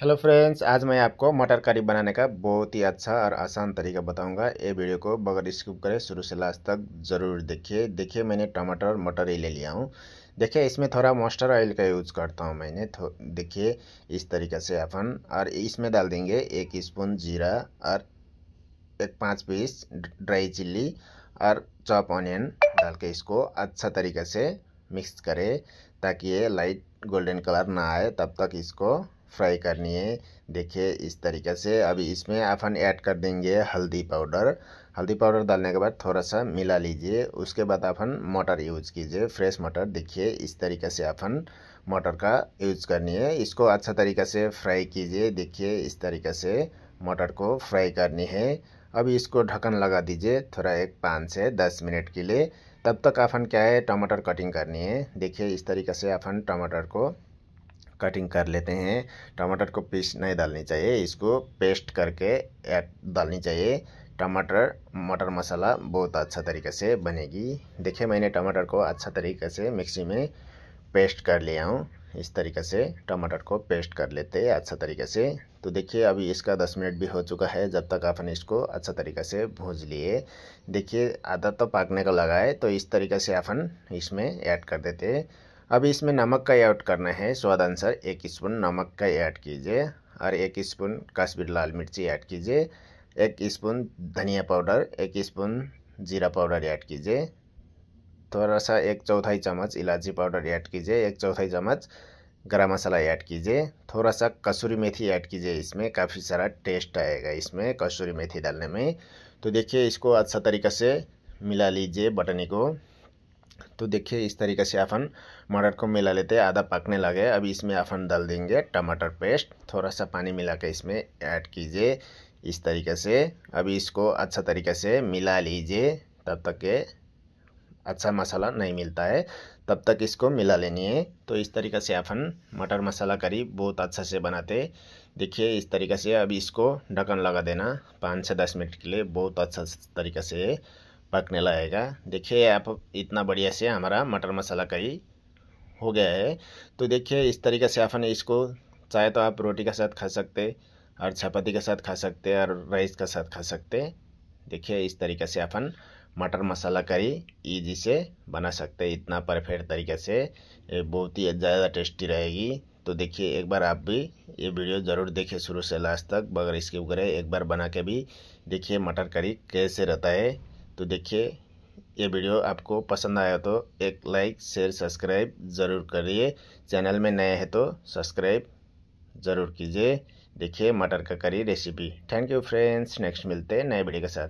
hello friends आज मैं आपको मटर करी बनाने का बहुत ही अच्छा और आसान तरीका बताऊंगा ये वीडियो को बगैर स्किप करें शुरू से लास्ट तक ज़रूर देखिए देखिए मैंने टमाटर और मटर ही ले लिया हूँ देखिए इसमें थोड़ा मस्टर्ड ऑयल का यूज़ करता हूँ मैंने देखिए इस तरीके से अपन और इसमें डाल देंगे एक स्पून जीरा और एक पाँच पीस ड्राई चिल्ली और चॉप ऑनियन डाल के इसको अच्छा तरीके से मिक्स करें ताकि ये लाइट गोल्डन कलर ना आए तब तक इसको फ्राई करनी है देखिए इस तरीके से अभी इसमें अपन ऐड कर देंगे हल्दी पाउडर हल्दी पाउडर डालने के बाद थोड़ा सा मिला लीजिए उसके बाद अपन मटर यूज़ कीजिए फ्रेश मटर देखिए इस तरीके से अपन मटर का यूज़ करनी है इसको अच्छा तरीके से फ्राई कीजिए देखिए इस तरीके से मटर को फ्राई करनी है अब इसको ढक्कन लगा दीजिए थोड़ा एक पाँच से दस मिनट के लिए तब तक अपन क्या है टमाटर कटिंग करनी है देखिए इस तरीके से अपन टमाटर को कटिंग कर लेते हैं टमाटर को पीस नहीं डालनी चाहिए इसको पेस्ट करके ऐड डालनी चाहिए टमाटर मटर मसाला बहुत अच्छा तरीके से बनेगी देखिए मैंने टमाटर को अच्छा तरीके से मिक्सी में पेस्ट कर लिया हूँ इस तरीके से टमाटर को पेस्ट कर लेते हैं अच्छा तरीके से तो देखिए अभी इसका दस मिनट भी हो चुका है जब तक आपने इसको अच्छा तरीके से भूज लिए देखिए आधा तो पाकने का लगा है तो इस तरीके से आपन इसमें ऐड कर देते हैं अब इसमें नमक का ऐड करना है स्वाद अनुसार एक स्पून नमक का ऐड कीजिए और एक स्पून कश्मीर लाल मिर्ची ऐड कीजिए एक स्पून धनिया पाउडर एक स्पून जीरा पाउडर ऐड कीजिए थोड़ा सा एक चौथाई चम्मच इलायची पाउडर ऐड कीजिए एक चौथाई चम्मच गरम मसाला ऐड कीजिए थोड़ा सा कसूरी मेथी ऐड कीजिए इसमें काफ़ी सारा टेस्ट आएगा इसमें कसूरी मेथी डालने में तो देखिए इसको अच्छा तरीके से मिला लीजिए बटनी को तो देखिए इस तरीके से अपन मटर को मिला लेते हैं आधा पकने लगे अब इसमें अपन डाल देंगे टमाटर पेस्ट थोड़ा सा पानी मिला के इसमें ऐड कीजिए इस तरीके से अभी इसको अच्छा तरीके से मिला लीजिए तब तक के अच्छा मसाला नहीं मिलता है तब तक इसको मिला लेनी है तो इस तरीके से अपन मटर मसाला करी बहुत अच्छा से बनाते देखिए इस तरीके से अभी इसको ढक्कन लगा देना पाँच से दस मिनट के लिए बहुत अच्छा तरीके से पकने लगेगा देखिए आप इतना बढ़िया से हमारा मटर मसाला का हो गया है तो देखिए इस तरीके से आपने इसको चाहे तो आप रोटी के साथ खा सकते और चपाती के साथ खा सकते और राइस के साथ खा सकते देखिए इस तरीके से अपन मटर मसाला करी ईजी से बना सकते हैं इतना परफेक्ट तरीके से ये बहुत ही ज़्यादा टेस्टी रहेगी तो देखिए एक बार आप भी ये वीडियो ज़रूर देखिए शुरू से लास्ट तक बगैर इसके उगरे एक बार बना के भी देखिए मटर करी कैसे रहता है तो देखिए ये वीडियो आपको पसंद आया तो एक लाइक शेयर सब्सक्राइब ज़रूर करिए चैनल में नए हैं तो सब्सक्राइब ज़रूर कीजिए देखिए मटर का curry recipe thank you friends next मिलते हैं नए वीडियो के साथ